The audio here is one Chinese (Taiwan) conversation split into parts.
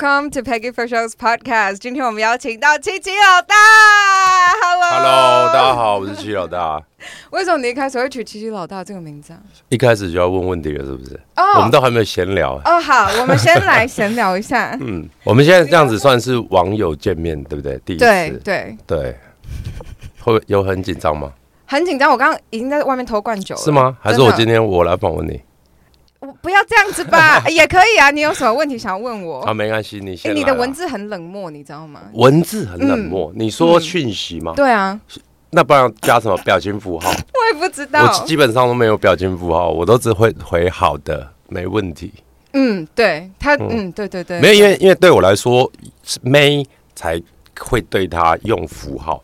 Welcome to Peggy Fresh Show's podcast。今天我們邀請到七七老大。Hello，Hello，Hello, 大家好，我是七老大。 為什麼你一開始會取七七老大這個名字啊？一開始就要問問題了，是不是？哦、oh，我們都還沒有閒聊。哦、oh, oh， 好，我們先來閒聊一下。 嗯，我們現在這樣子算是網友見面，對不對？ 第一次，對對對。對 會，會有很緊張嗎？很緊張，我剛剛已經在外面偷灌酒了，是嗎？還是我今天我來訪問你？ 不要這樣子吧，也可以啊。你有什麼問題想要問我？啊，沒關係，你先。欸，你的文字很冷漠，你知道嗎？文字很冷漠。你說訊息嗎？對啊。那不然加什麼表情符號？我也不知道。我基本上都沒有表情符號，我都只會回好的，沒問題。嗯，對他，嗯，對對對。沒有，因為因為對我來說，妹才會對他用符號。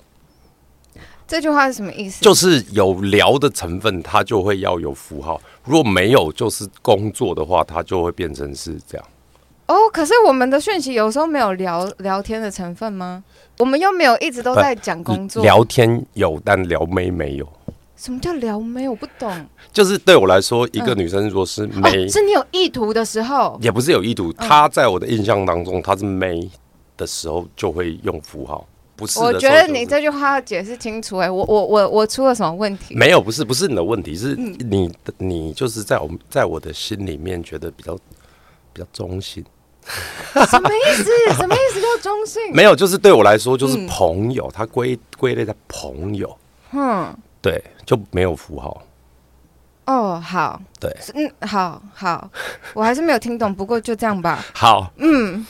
這句話是什麼意思？就是有聊的成分，它就會要有符號；如果沒有，就是工作的話，它就會變成是這樣。哦，可是我們的訊息有時候沒有聊聊天的成分嗎？我們又沒有一直都在講工作。聊天有，但聊妹沒有。什麼叫聊妹？我不懂。就是對我來說，一個女生如果是妹，嗯。哦，是你有意圖的時候，也不是有意圖，嗯。她在我的印象當中，她是妹的時候就會用符號。就是、我覺得你這句話要解釋清楚，欸。哎，我我我我出了什麼問題？沒有，不是不是你的問題，是你的，嗯、你就是在我在我的心裡面覺得比較比較中性，什麼意思？ 什麼意思叫中性？ 沒有，就是對我來說就是朋友，嗯，他歸歸類在朋友。嗯，對，就沒有符號。哦，好，對，嗯，好好， 我還是沒有聽懂。不過就這樣吧。好，嗯。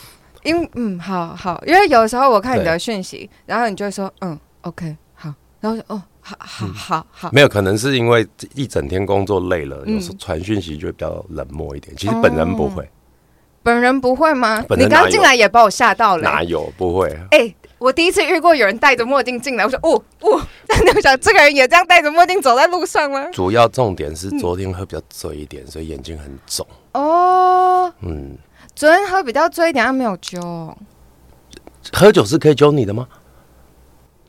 因嗯，好好，因為有時候我看你的訊息，然後你就會說嗯，OK，好，然後我說哦，好、嗯、好好好。沒有，可能是因為一整天工作累了，嗯、有時候傳訊息就會比較冷漠一點、嗯。其實本人不會，哦、本人不會嗎？本你剛進來也把我嚇到了、欸，哪有不會？哎、欸，我第一次遇過有人戴着墨鏡進來，我說哦哦，那、哦、我想這個人也這樣戴着墨鏡走在路上嗎？主要重點是昨天會比較醉一點，嗯、所以眼睛很腫。哦，嗯。昨天喝比較醉一點，還沒有酒、哦。喝酒是可以揪你的嗎？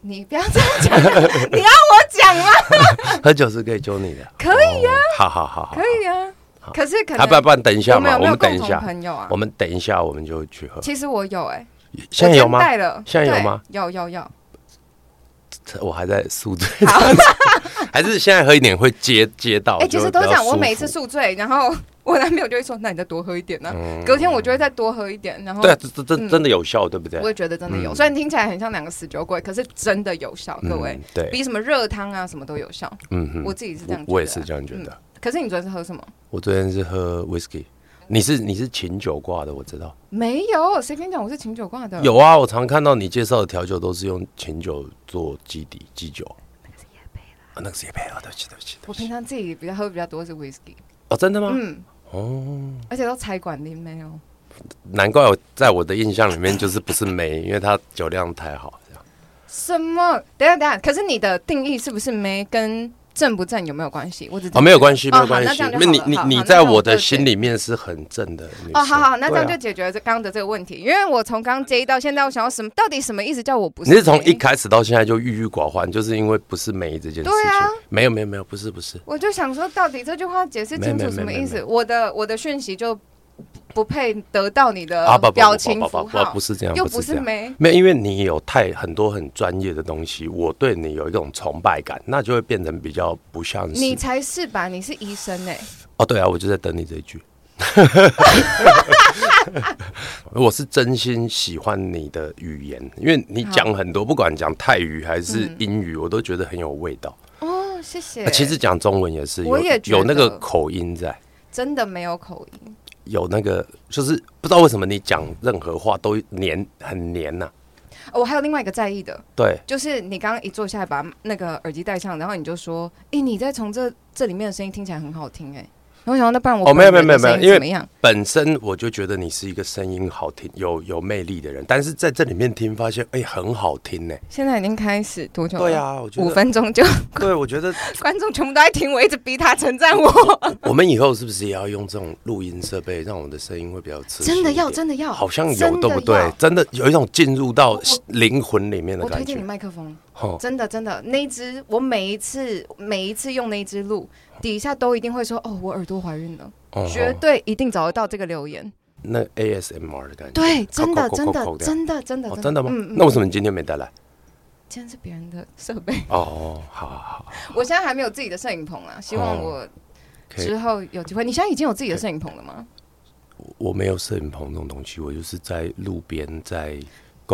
你不要這樣講， 你要我講嗎？ 喝酒是可以揪你的，可以啊，哦、好好好好，可以啊。可是可……還不然不然等一下嗎、啊？我們等一下，朋友啊，我們等一下我們就去喝。其實我有哎、欸，現在有嗎？現在有嗎？有有有。我還在宿醉。好， 還是現在喝一點會接接到？哎、欸，其、就、實、是、都講我每次宿醉，然後。我男朋友就會說：“那你再多喝一點呢、啊嗯？”隔天我就會再多喝一點。然後對、啊嗯，這這真的有效，對不對？我也覺得真的有、嗯。雖然聽起來很像兩個死酒鬼，可是真的有效。嗯、各位，對，比什麼熱湯啊什麼都有效。嗯，嗯我自己是這樣覺得、啊我，我也是這樣覺得、嗯。可是你昨天是喝什麼？我昨天是喝 whisky。你是你是琴酒掛的，我知道。沒有，誰跟你講我是琴酒掛的？有啊，我常看到你介紹的調酒都是用琴酒做基底基酒。那個是業配了，那個是業配、哦。對不起，對不起，對不起。我平常自己比較喝的比較多是 whisky。哦，真的嗎？嗯，哦，而且都財管裡沒有。難怪我在我的印象裡面就是不是妹， 因為他酒量太好，這樣。什麼？等下等下，可是你的定義是不是妹跟？正不正有沒有關係？我只哦沒有關係，沒有關係、哦。那你你你在我的心裡面是很正的，好對對對，很正的。哦，好好，那這樣就解決了這剛剛的這個問題。啊、因為我從剛接到現在，我想要什麼？到底什麼意思？叫我不是？你是從一開始到現在就鬱鬱寡歡，就是因為不是美這件事情。對啊，沒有沒有沒有，不是不是。我就想說，到底這句話解釋清楚什麼意思？沒沒沒沒沒，我的我的訊息就。不配得到你的表情符號，啊、不，不，不，不，不，不，不是這樣，又不是這樣沒沒，因為你有太很多很專業的東西，我對你有一種崇拜感，那就會變成比較不像，你才是吧？你是醫生呢、欸。哦，對啊，我就在等你這一句。 我是真心喜歡你的語言，因為你講很多，不管講泰語還是英語、嗯，我都覺得很有味道。哦，謝謝。啊、其實講中文也是，有我也有那個口音在。真的沒有口音。有那個，就是不知道為什麼你講任何話都黏，很黏吶。哦。我還有另外一個在意的，對，就是你剛剛一坐下來把那個耳機戴上，然後你就說，哎，你在從這這裡面的聲音聽起來很好聽哎。我想要再幫我、oh,。哦，沒有沒有沒有沒有，因為本身我就覺得你是一個聲音好聽、有有魅力的人，但是在這裡面聽，發現哎、欸，很好聽呢、欸。現在已經開始多久？對啊，五分鐘就。對，我覺得 觀眾全部都在聽我，我一直逼他稱讚我，我，我。我們以後是不是也要用這種錄音設備，讓我們的聲音會比較真真的要，真的要，好像有，對不對？真的有一種進入到靈魂裡面的感覺。我，我推薦你麥克風。Oh. 真的真的，那一只我每一次每一次用那一只鹿，oh. 底下都一定會說哦，我耳朵懷孕了，oh. 絕對一定找得到這個留言。Oh. 那 ASMR 的感覺，對，真的 call call call call call call 真的真的真的，oh, 真的嗎？嗯，那為什麼你今天沒帶來？今天是別人的設備哦，好，好，我現在還沒有自己的攝影棚啊，希望我之後有機會。Oh. Okay. 你現在已經有自己的攝影棚了嗎？Okay. 我沒有攝影棚這種東西，我就是在路邊在。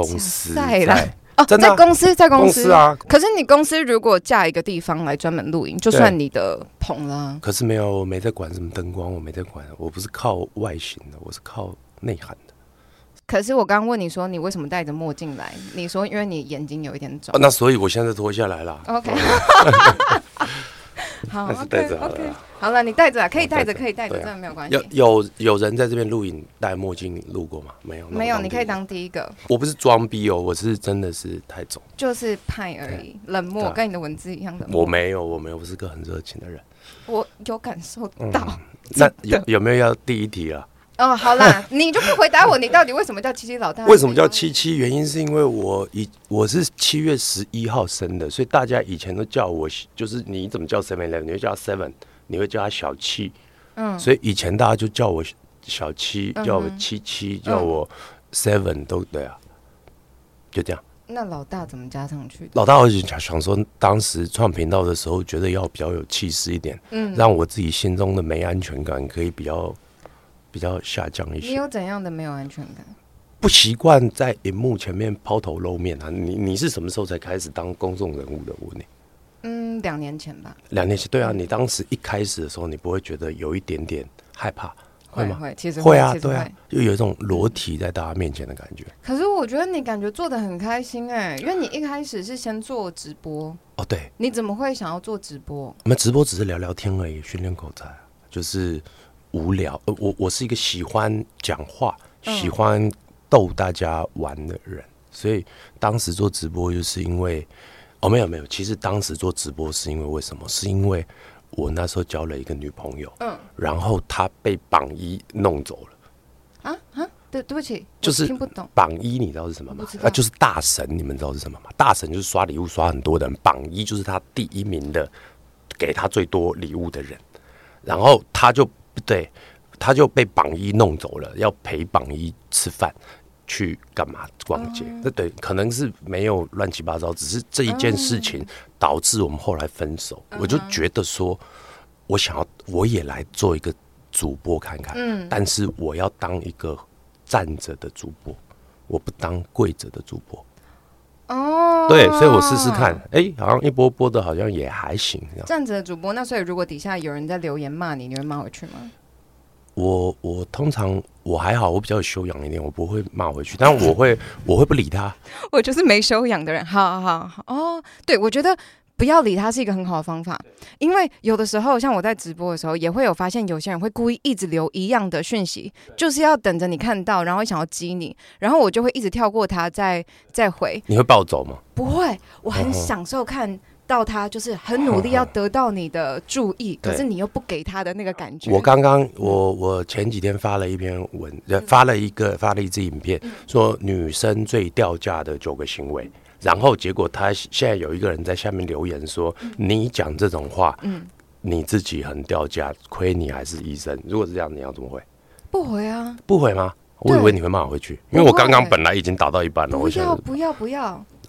公司，再來哦、啊，在公司，在公司,公司啊。可是你公司如果架一個地方來專門錄音，就算你的棚啦、啊。可是沒有，我沒在管什麼燈光，我沒在管，我不是靠外形的，我是靠內涵的。可是我剛問你說，你為什麼戴着墨鏡來？你說因為你眼睛有一點腫、哦。那所以我現在脫下來了。Oh, OK。 好，OK，OK，好了 okay, okay. 好，你戴着，可以戴着，可以戴着，真的沒有關係。有有有人在這邊錄影戴墨鏡錄過嗎？沒有，沒有，你可以當第一個。我不是裝逼哦、喔，我是真的是太腫，就是派而已，冷漠、啊，跟你的文字一樣的。我沒有，我沒有，我是個很熱情的人。我有感受到。嗯、那有有沒有要第一題啊？哦，好啦， 你就不回答我，你到底為什麼叫七七老大？為什麼叫七七？原因是因為我以我是七月十一號生的，所以大家以前都叫我就是你怎麼叫 Seven Eleven，你會叫 Seven，你，你會叫他小七，嗯，所以以前大家就叫我小七，叫我七七，嗯、叫我 Seven、嗯、都對啊，就這樣。那老大怎麼加上去？老大我就想想說，當時創頻道的時候，覺得要比較有氣勢一點，嗯，讓我自己心中的沒安全感可以比較。比較下降一些。你有怎樣的沒有安全感？不習慣在熒幕前面拋頭露面啊！你你是什麼時候才開始當公眾人物的？我問你？嗯，兩年前吧。兩年前，對啊，你當時一開始的時候，你不會覺得有一點點害怕，會，會嗎？會，其實會，會啊，其實會，對啊，就有一種裸體在大家面前的感覺。可是我覺得你感覺做得很開心哎，因為你一開始是先做直播哦，對。你怎麼會想要做直播？我們直播只是聊聊天而已，訓練口才，就是。無聊，呃，我我是一個喜歡講話、嗯、喜歡逗大家玩的人，所以當時做直播就是因為哦，沒有沒有，其實當時做直播是因為為什麼？是因為我那時候交了一個女朋友，嗯，然後她被榜一弄走了，啊啊，對，對不起，就是聽不懂、就是、榜一，你知道是什麼嗎？那、啊、就是大神，你們知道是什麼嗎？大神就是刷禮物刷很多的人，榜一就是他第一名的，給他最多禮物的人，然後他就。對，他就被榜一弄走了，要陪榜一吃飯，去幹嘛逛街？那、uh -huh. 對，可能是沒有亂七八糟，只是這一件事情導致我們後來分手。Uh -huh. 我就覺得說，我想要，我也來做一個主播看看，嗯、uh -huh.，但是我要當一個站着的主播，我不當跪着的主播。哦、oh，對，所以我試試看，哎、欸，好像一波波的，好像也還行。這樣子的主播，那所以如果底下有人在留言罵你，你會罵回去嗎？我我通常我還好，我比較有修養一點，我不會罵回去，但我會 我會不理他。我就是沒修養的人。好好好，哦、oh，對，我覺得。不要理他是一個很好的方法，因為有的時候，像我在直播的時候，也會有發現有些人會故意一直留一樣的訊息，就是要等着你看到，然後想要激你，然後我就會一直跳過他再，再再回。你會暴走嗎？不會，我很享受看到他就是很努力要得到你的注意，嗯、可是你又不給他的那個感覺。我剛剛我我前幾天發了一篇文，發了一個發了一支影片，說女生最掉價的九個行為。然後結果他現在有一個人在下面留言說：“嗯、你講這種話，嗯、你自己很掉價，虧你還是醫生。如果是這樣，你要怎麼回？不回啊？不回嗎？我以為你會罵回去，因為我剛剛本來已經打到一半了。不要不要不要，不要、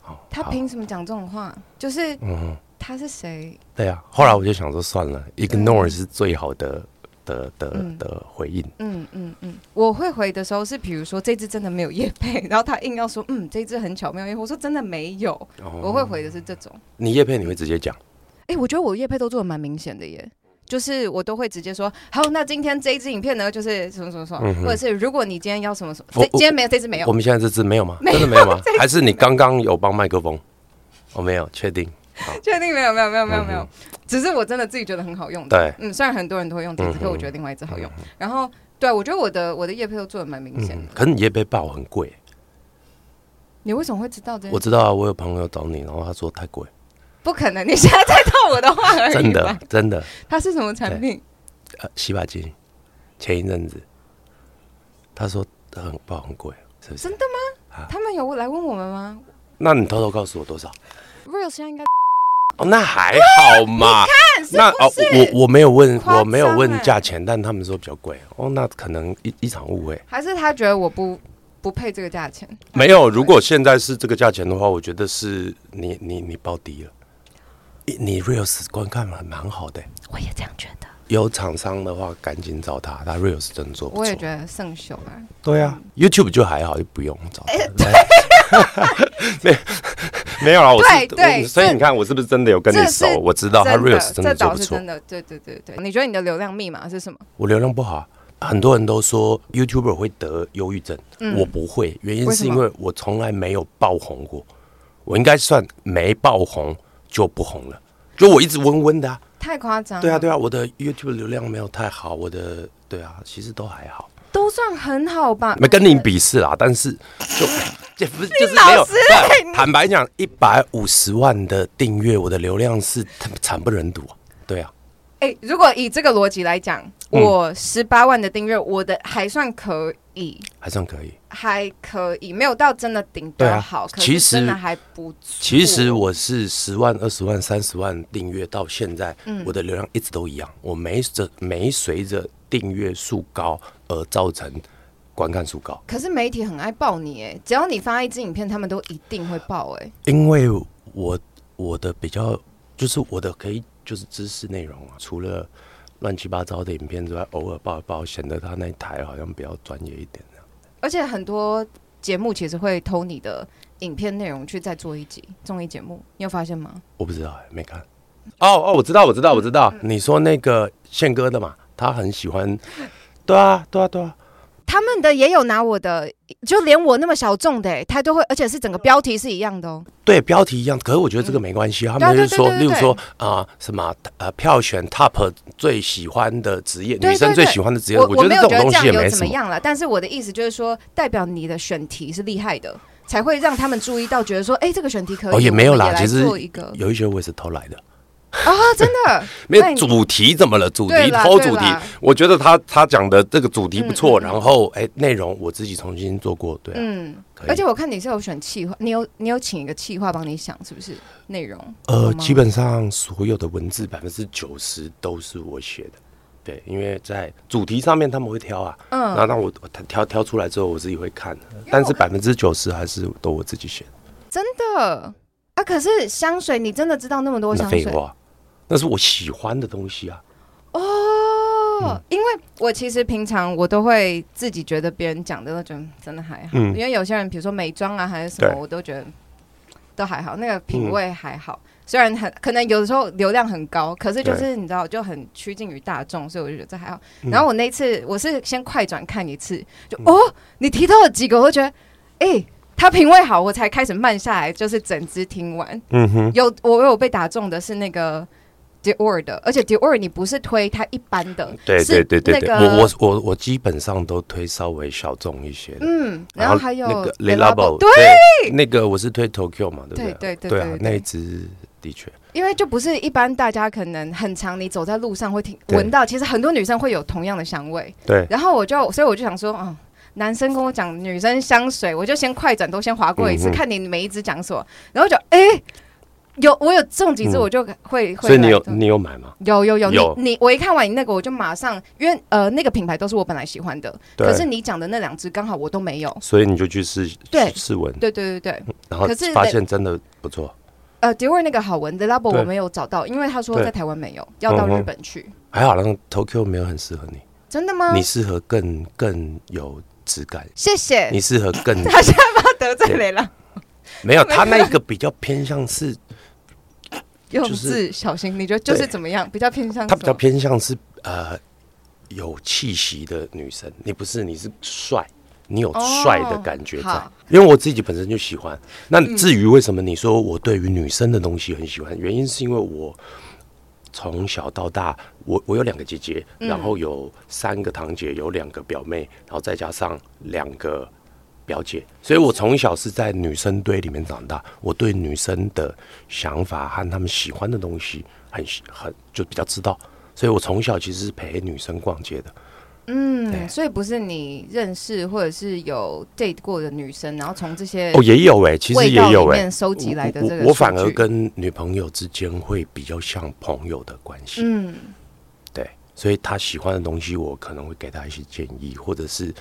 哦！他憑什麼講這種話？就是嗯，他是誰？對啊。後來我就想說算了，ignore 是最好的。”的的、嗯、的回應，嗯嗯嗯，我會回的時候是比如說這支真的沒有業配，然後他硬要說嗯這支很巧妙，因為我說真的沒有、哦，我會回的是這種。你業配你會直接講？哎、嗯欸，我覺得我業配都做得蠻明顯的耶，就是我都會直接說好，那今天這一支影片呢就是什麼什麼什麼、嗯，或者是如果你今天要什麼什麼，今天沒有這支沒有我我。我們現在這支沒有嗎？真的沒有嗎？有有還是你剛剛有幫麥克風？ 我沒有，確定。確定沒有沒有沒有沒有沒有，只是我真的自己覺得很好用。對，嗯，雖然很多人都會用這個，嗯，但我覺得另外一支好用。嗯、然後，對我覺得我的我的業配都做得蠻明顯。的。嗯、可是你業配爆很貴。你為什麼會知道這個？我知道啊，我有朋友找你，然後他說太貴。不可能，你現在在套我的話而 已。真的真的。它是什麼產品？呃，洗髮精。前一陣子，他說很爆很貴，是不是？真的嗎、啊？他們有來問我們嗎？那你偷偷告訴我多少？Real 現在應該。哦、那還好嘛，你看是是那哦，我我沒有問，欸、我沒有問價錢，但他們說比較貴。哦，那可能一一場誤會，還是他覺得我不不配這個價錢，啊。沒有，如果現在是這個價錢的話，我覺得是你你你報低了。你 Reels 觀看蠻好的。欸，我也這樣覺得。有廠商的話，趕緊找他，他 Reels 真做不錯。我也覺得聖秀啊。對啊，YouTube 就還好，就不用找他。欸 沒有啊，對，對，所以你看我是不是真的有跟你熟？我知道他 real 是真的做不錯，真的，對對對對。你覺得你的流量密碼是什麼？我流量不好，啊，很多人都說 YouTuber 會得憂鬱症，嗯，我不會，原因是因為我從來沒有爆紅過，我應該算沒爆紅就不紅了，就我一直溫溫的，太誇張。對啊對啊，啊啊，我的 YouTube 流量沒有太好，我的對啊，其實都還好，都算很好吧。沒跟你比試啦，但是就，嗯。這不是就是沒有老師？坦白講，一百五十萬的訂閱，我的流量是慘不忍睹啊！對啊，欸、如果以這個邏輯來講、嗯，我十八萬的訂閱，我的還算可以，還算可以，還可以，沒有到真的頂多好。啊、可其實還不錯。其實我是十萬、二十萬、三十萬訂閱到現在、嗯，我的流量一直都一樣，我沒着沒隨着訂閱數高而造成。觀看數高，可是媒體很愛報你哎！只要你發一支影片，他們都一定會報哎！因為我我的比較就是我的可以就是知識內容啊，除了亂七八糟的影片之外，偶爾報一報，顯得他那台好像比較專業一點，啊、而且很多節目其實會偷你的影片內容去再做一集綜藝節目，你有發現嗎？我不知道哎，欸，沒看。哦哦，我知道，我知道，嗯，我知道，嗯。你說那個憲哥的嘛，他很喜歡。 對啊，對啊，對啊。他們的也有拿我的，就連我那麼小眾的他、欸、都會，而且是整個標題是一樣的哦、喔。對，標題一樣，可是我覺得這個沒關係、嗯、他們就是說，對對對對對對例如說啊、呃、什麼呃票選 TOP 最喜歡的職業對對對對，女生最喜歡的職業我，我覺得這種東西沒怎也沒什麼。但是我的意思就是說，代表你的選題是厲害的，才會讓他們注意到，覺得說，哎、欸，這個選題可以，哦，我也可以來做一個。有一些我也是偷來的。啊、oh，真的！ 沒有主題怎麼了？主題拋主題，我覺得他他講的這個主題不錯、嗯。然後，哎、欸，內容我自己重新做過，對、啊，嗯。而且我看你是有選企劃，你有你有請一個企劃幫你想是不是內容？呃，基本上所有的文字百分之九十都是我寫的，對，因為在主題上面他們會挑啊，嗯，那那我挑挑出來之後我自己會看，看但是百分之九十還是都我自己寫的，真的。啊！可是香水，你真的知道那麼多香水？那是廢話，那是我喜歡的東西啊。哦、嗯，因為我其實平常我都會自己覺得別人講的都覺真的還好，嗯，因為有些人比如說美妝啊還是什麼，我都覺得都還好，那個品味還好。嗯、雖然很可能有的時候流量很高，可是就是你知道就很趨近於大眾，所以我就覺得這還好。嗯、然後我那次我是先快轉看一次，就、嗯、哦，你提到了幾個，我就覺得哎。欸他品味好，我才開始慢下來，就是整支聽完。嗯哼，有我有被打中的是那個 Dior 的，而且 Dior 你不是推它一般的，對對對對，對，對、那個，我我我我基本上都推稍微小眾一些的。嗯，然後還有，然後那個 Le Labo 對，那個我是推 Tokyo 嘛，對不對？對對對，對，對啊，那一支的確，因為就不是一般大家可能很常，你走在路上會聽聞到，其實很多女生會有同樣的香味。對，然後我就所以我就想說，嗯、哦。男生跟我講女生香水，我就先快轉都先劃過一次，嗯，看你每一支講什麼，然後就哎，欸，有我有這種幾支，我就會、嗯、會。所以你有你有買嗎？有有有，有你你我一看完你那個，我就馬上因為呃那個品牌都是我本來喜歡的，可是你講的那兩支剛好我都沒有，所以你就去試對試聞，對對對對，嗯。然後發現真的不錯。呃，Dior 那個好聞，The Labo 我沒有找到，因為他說在台灣沒有，要到日本去。嗯、還好，Tokyo 沒有很適合你，真的嗎？你適合更更有。質感，謝謝。你適合更他現在怕得罪雷了，沒有 他那個比較偏向是，就是小心，你覺得就是怎麼樣？比較偏向他比較偏向是呃有氣息的女生，你不是你是帥，你有帥的感覺在，oh, 因為我自己本身就喜歡。Okay. 那至於為什麼你說我對於女生的東西很喜歡，嗯，原因是因為我。從小到大，我我有兩個姐姐，然後有三個堂姐，有兩個表妹，然後再加上兩個表姐，所以我從小是在女生堆裡面長大。我對女生的想法和她們喜歡的東西很很，就比較知道，所以我從小其實是陪女生逛街的。嗯，對，所以不是你認識或者是有 date 過的女生，然後從這些裡面哦也有哎、欸，其實也有哎、欸，收集來的，我我反而跟女朋友之間會比較像朋友的關係。嗯，對，所以她喜歡的東西，我可能會給她一些建議，或者是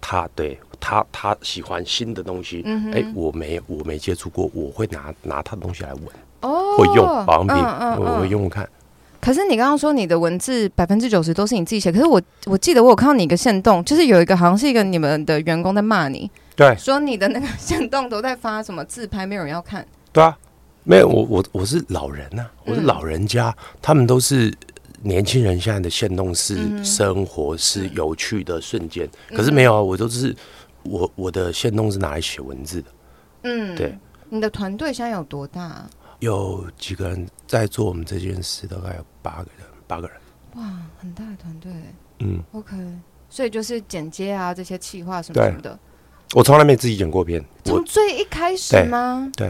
她對她他，他喜歡新的東西，哎、嗯欸，我沒我沒接觸過，我會拿拿他的東西來聞哦，會用，保養品，嗯嗯嗯，我會用用看。嗯可是你剛剛說你的文字百分之九十都是你自己寫的，可是我我記得我有看到你一個限動，就是有一個好像是一個你們的員工在罵你，對，說你的那個限動都在發什麼自拍，沒有人要看。對啊，沒有我我我是老人吶、啊，我是老人家、嗯，他們都是年輕人，現在的限動是生活、嗯、是有趣的瞬間，可是沒有啊，我都是我我的限動是拿來寫文字的，嗯，對。你的團隊現在有多大？啊？有幾個人在做我們這件事？大概有八個人，八個人。哇，很大的團隊。嗯，OK。所以就是剪接啊，這些企劃什麼什麼的。我從來沒自己剪過片。從最一開始嗎？對。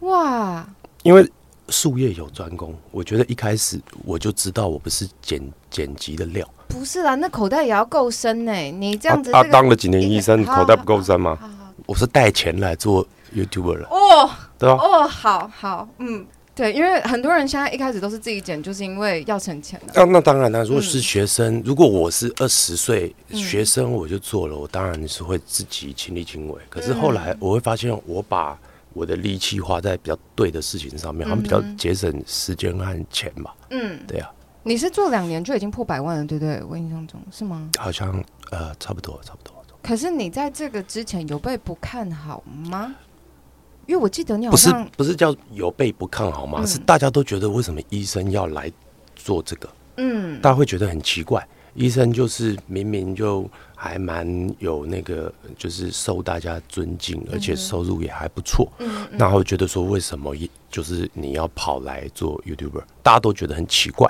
對。哇。因為術業有專攻，我覺得一開始我就知道我不是剪剪輯的料。不是啊，那口袋也要夠深呢。你這樣子他、這個啊啊、當了幾年醫生，啊、口袋不夠深嗎？我是帶錢來做。YouTuber 哦，oh, 對哦，oh, oh, 好好，嗯，對，因為很多人現在一開始都是自己剪，就是因為要省錢的、啊。那當然啦。如果是學生，嗯、如果我是二十歲、嗯、學生，我就做了，我當然是會自己親力親為。可是後來我會發現，我把我的力氣花在比較對的事情上面，好、嗯、像比較節省時間和錢吧。嗯，對啊。你是做兩年就已經破百萬了，對不對？我印象中是嗎？好像呃差，差不多，差不多。可是你在這個之前有被不看好嗎？因為我記得你好像不是，不是叫有被不看好嗎？嗯，是大家都覺得為什麼醫生要來做這個？嗯，大家會覺得很奇怪。醫生就是明明就還蠻有那個，就是受大家尊敬，而且收入也還不錯。嗯，然後覺得說為什麼一，就是你要跑來做 YouTuber？大家都覺得很奇怪。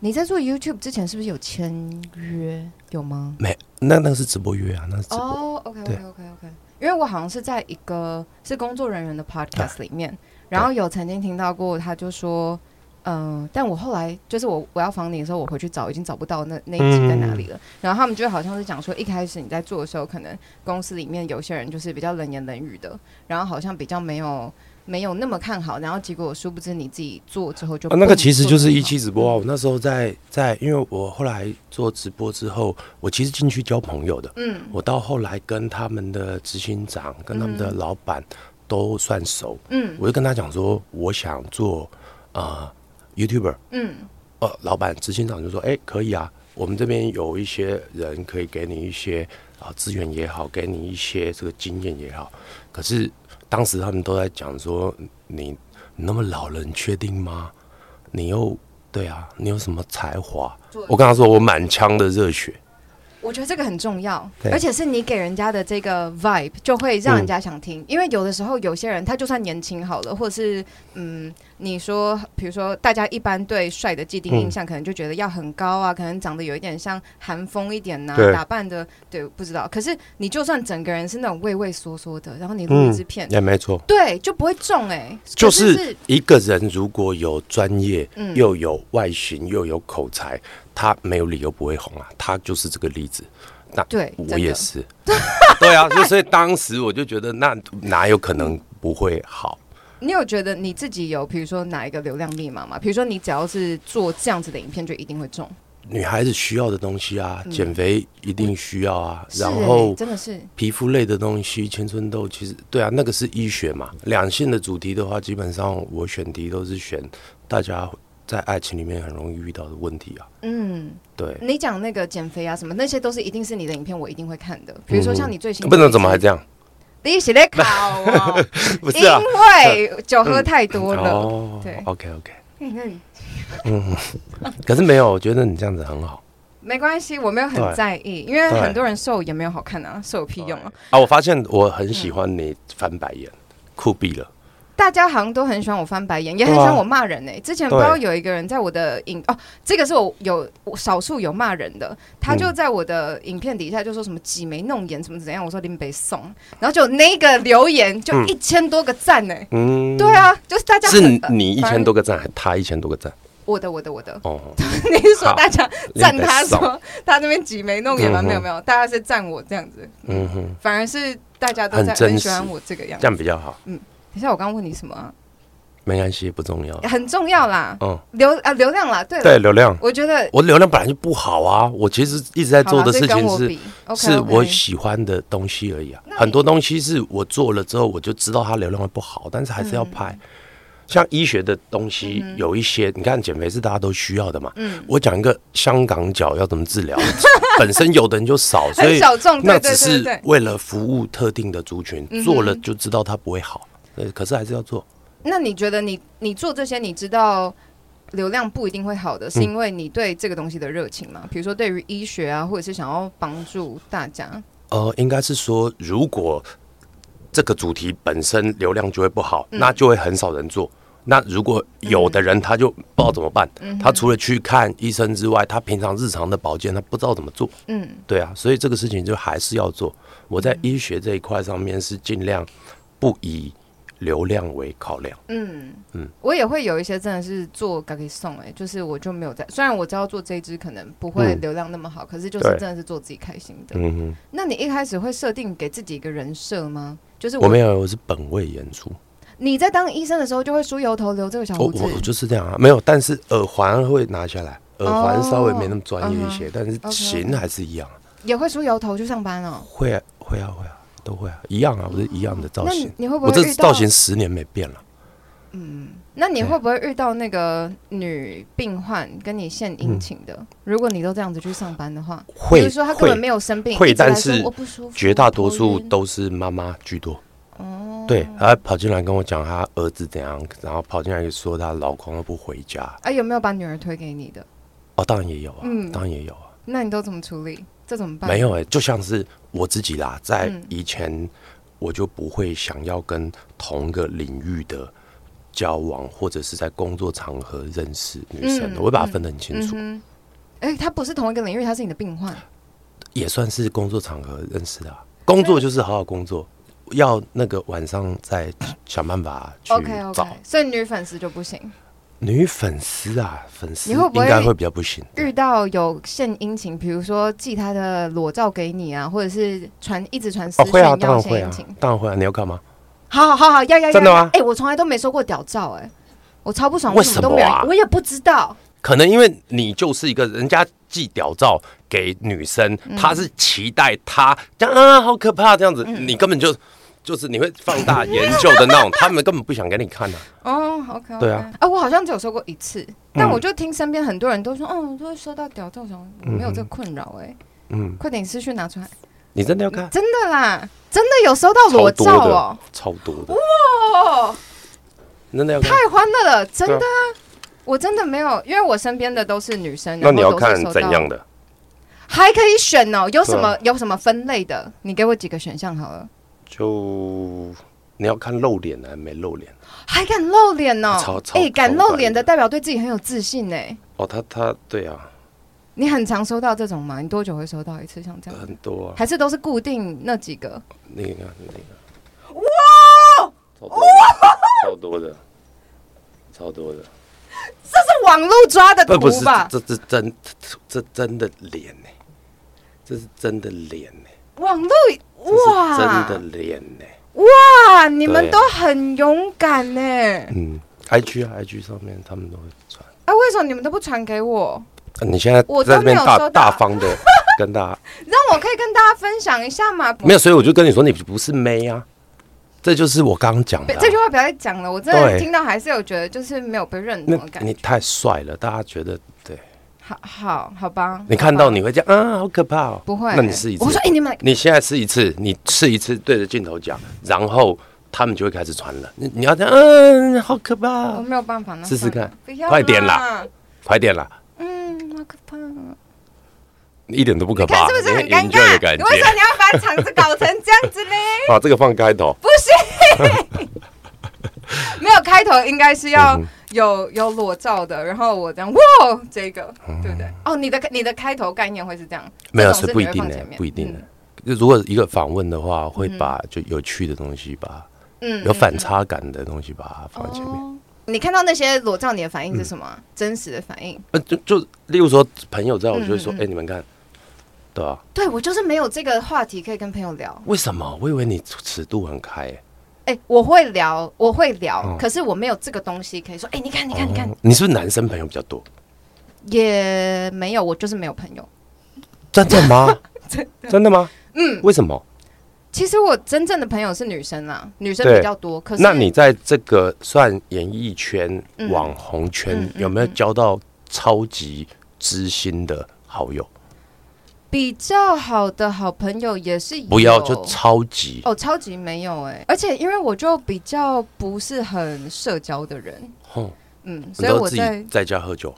你在做 YouTube 之前是不是有簽約？有嗎？沒，那那是直播約啊，那是直播。哦、oh，OK OK OK OK。因為我好像是在一個是工作人員的 podcast 裡面，啊、然後有曾經聽到過，他就說，嗯、呃，但我後來就是我我要訪你的時候，我回去找已經找不到那那一集在哪裡了、嗯。然後他們就好像是講說，一開始你在做的時候，可能公司裡面有些人就是比較冷言冷語的，然後好像比較沒有。沒有那麼看好，然後結果殊不知你自己做之後就、啊、那個其實就是一期直播啊、哦嗯。我那時候在在，因為我後來做直播之後，我其實進去交朋友的。嗯，我到後來跟他們的執行長、跟他們的老闆都算熟。嗯，我就跟他講說，我想做啊、呃、，YouTuber。嗯，哦、呃，老闆、執行長就說，哎，可以啊，我們這邊有一些人可以給你一些啊資源也好，給你一些這個經驗也好，可是。當時他們都在講說你，你那麼老人確定嗎？你又對啊，你有什麼才華？我跟他說我滿腔的熱血。我覺得這個很重要，而且是你給人家的這個 vibe 就會讓人家想聽，嗯、因為有的時候有些人他就算年輕好了，或者是嗯。你說，比如說，大家一般對帥的既定印象，可能就覺得要很高啊，嗯、可能長得有一點像韓風一點吶、啊，打扮的對不知道。可是你就算整個人是那種畏畏縮縮的，然後你錄一支片、嗯、也沒錯，對，就不會中哎、欸。就是，是，是一個人如果有專業，又有外形，又有口才、嗯，他沒有理由不會紅啊。他就是這個例子。那對我也是，對， 對啊，就所以當時我就覺得，那 哪有可能不會好？你有覺得你自己有，比如說哪一個流量密碼嗎？比如說你只要是做這樣子的影片，就一定會中。女孩子需要的東西啊，減肥一定需要啊。嗯、然後真的是皮膚類的東西，欸、青春痘其實對啊，那個是醫學嘛。兩性的主題的話，基本上我選題都是選大家在愛情裡面很容易遇到的問題啊。嗯，對。你講那個減肥啊，什麼那些都是一定是你的影片，我一定會看的。比如說像你最近、嗯、不能怎麼還這樣。你是在考、哦？ 不、啊、因為酒喝太多了。嗯、對、哦、OK OK。嗯、欸、嗯， 可是沒有，我覺得你這樣子很好。沒關係，我沒有很在意，因為很多人瘦也沒有好看的、啊，瘦有屁用啊！啊、哦，我發現我很喜歡你翻白眼，酷斃了。大家好像都很喜歡我翻白眼，也很喜歡我罵人呢、欸啊。之前不知道有一個人在我的影哦、啊，這個是我有我少數有罵人的，他就在我的影片底下就說什麼擠眉、嗯、弄眼怎麼怎樣。我說林北松，然後就那個留言就一千多個讚呢、欸。嗯，對啊，就是大家是你一千多個讚，還他一千多個讚？我的我的我的哦，oh, 你是說大家讚他，說他那邊擠眉弄眼嗎、嗯？沒有沒有，大家是讚我這樣子。嗯，嗯哼，反而是大家都在很喜歡我這個樣子，這樣比較好。嗯。等一下，我剛問你什麼、啊？沒關係，不重要、啊，很重要啦。嗯，流啊流量啦，對對，流量。我覺得我流量本來就不好啊。我其實一直在做的事情是，是我喜歡的東西而已啊、okay。欸、很多東西是我做了之後，我就知道它流量會不好，但是還是要拍。像醫學的東西，有一些，你看減肥是大家都需要的嘛。我講一個香港腳要怎麼治療， 本身有的人就少，所以那只是為了服務特定的族群，做了就知道它不會好。可是還是要做。那你覺得你你做這些，你知道流量不一定會好的，是因為你對這個東西的熱情嗎？比如說對於醫學啊，或者是想要幫助大家。呃，應該是說，如果這個主題本身流量就會不好，那就會很少人做。嗯、那如果有的人他就不知道怎麼辦、嗯嗯，他除了去看醫生之外，他平常日常的保健他不知道怎麼做。嗯，對啊，所以這個事情就還是要做。我在醫學這一塊上面是盡量不以。流量為考量。嗯嗯，我也會有一些真的是做給送、欸，哎，就是我就沒有在，雖然我知道做這一支可能不會流量那麼好、嗯，可是就是真的是做自己開心的，嗯哼。那你一開始會設定給自己一個人設嗎？就是我，我沒有，我是本位演出。你在當醫生的時候就會梳油頭留這個小鬍子，oh, 我就是這樣啊，沒有，但是耳環會拿下來，耳環稍微沒那麼專業一些，oh, 但是型還是一樣。Okay. 也會梳油頭去上班哦、喔。會會啊會啊。會啊都會啊，一樣啊，哦，我是一樣的造型。你會不會？我這造型十年沒變了。嗯，那你會不會遇到那個女病患跟你獻殷勤的，欸嗯？如果你都這樣子去上班的話，比如，就是，說她根本沒有生病，會，會但是，哦，不舒服，絕大多數都是媽媽居多。哦，對，她跑進來跟我講她兒子怎樣，然後跑進來就說她老公又不回家。哎，啊，有沒有把女兒推給你的？哦，當然也有啊，嗯，當然也有啊。那你都怎麼處理？這怎麼辦？沒有哎，欸，就像是。我自己啦，在以前我就不會想要跟同一個領域的交往，或者是在工作場合認識女生、嗯，我會把它分得很清楚、嗯。哎、嗯，她、嗯欸、不是同一個領域，她是你的病患，也算是工作場合認識的、啊。工作就是好好工作要、嗯，要那個晚上再想辦法去找。 okay, okay, 找，所以女粉絲就不行。女粉絲啊，粉絲應該會比較不行？會不會遇到有獻殷勤，比如說寄他的裸照給你啊，或者是傳一直傳私信、哦啊。當然會啊，當然會啊，你要幹嘛？好好好好，要要要真的嗎？哎、欸，我從來都沒收過屌照、欸，哎，我超不爽，為什麼都沒有、啊？我也不知道，可能因為你就是一個人家寄屌照給女生，她、嗯、是期待她。這樣啊，好可怕這樣子，嗯、你根本就。就是你會放大研究的那種， 他們根本不想給你看的。好可愛。對啊，哎、oh, okay, okay. 啊，我好像只有收過一次，嗯、但我就聽身邊很多人都說，嗯，都會收到屌照，什麼，沒有這個困擾哎、欸。嗯，快點私訊拿出來。你真的要看？真的啦，真的有收到裸照哦、喔，超多的，超多的，哇真的要太歡樂了，了，真的、啊啊，我真的沒有，因為我身邊的都是女生，那你要看怎樣的？還可以選哦、喔，有什麼有什麼分類的？啊、你給我幾個選項好了。就你要看露臉呢，還沒露臉，還敢露臉呢、喔欸？超超哎、欸，敢露臉的代表對自己很有自信呢、欸。哦，他他對啊，你很常收到這種嗎？你多久會收到一次？像這樣很多、啊，還是都是固定那幾個？那個？那個？那個，哇！超多的！哇！超多的，超多的，這是網絡抓的圖吧？不不是這是真這，這，這真的臉呢、欸？這是真的臉呢、欸？網絡。欸、哇，真的臉呢！哇，你們都很勇敢呢、欸。嗯，IG 啊，IG 上面他們都會傳。哎、啊，為什麼你們都不傳給我、啊？你現在，在這我這邊大大方的跟大家，讓我，大家 讓我可以跟大家分享一下嗎？沒有，所以我就跟你說，你不是妹啊，這就是我剛剛講的、啊。這句話不要再講了，我真的聽到還是有覺得就是沒有被認同的感覺。你太帥了，大家覺得。好好好吧，好吧，你看到你會這樣啊、嗯，好可怕哦！不會，那你試一次、啊。我說，哎、你們你現在試一次，你試一次，對着鏡頭講，然後他們就會開始傳了。你你要這樣，嗯，好可怕，我沒有辦法，試試看，快點啦，快點啦。嗯，好可怕，你一點都不可怕，你是不是很尷尬？我說你，你要把場子搞成這樣子呢？把、 啊、這個放開頭，不是， 沒有開頭，應該是要、嗯。有有裸照的，然後我這樣哇，這個、嗯、對不對？哦、Oh,，你的你的開頭概念會是這樣？沒有是，是不一定的，不一定的。就、嗯、如果一個訪問的話，會把就有趣的東西吧，嗯，有反差感的東西把它放在前面、嗯嗯哦。你看到那些裸照，你的反應是什麼、嗯？真實的反應？呃，就就例如說朋友在我就會說，哎、嗯嗯，欸、你們看，對吧、啊？對我就是沒有這個話題可以跟朋友聊。為什麼？我以為你尺度很開、欸。哎、欸，我會聊，我會聊，嗯，可是我沒有這個東西可以說。哎、欸，你看，你看，看，哦，你是不是男生朋友比較多，也沒有，我就是沒有朋友，真的嗎？真 真的嗎？嗯，為什麼？其實我真正的朋友是女生啊，女生比較多。可是，那你在這個算演藝圈、嗯、網紅圈、嗯，有沒有交到超級知心的好友？比較好的好朋友也是不要就超級哦，超級沒有哎、欸，而且因為我就比較不是很社交的人，嗯，所以我在自己在家喝酒，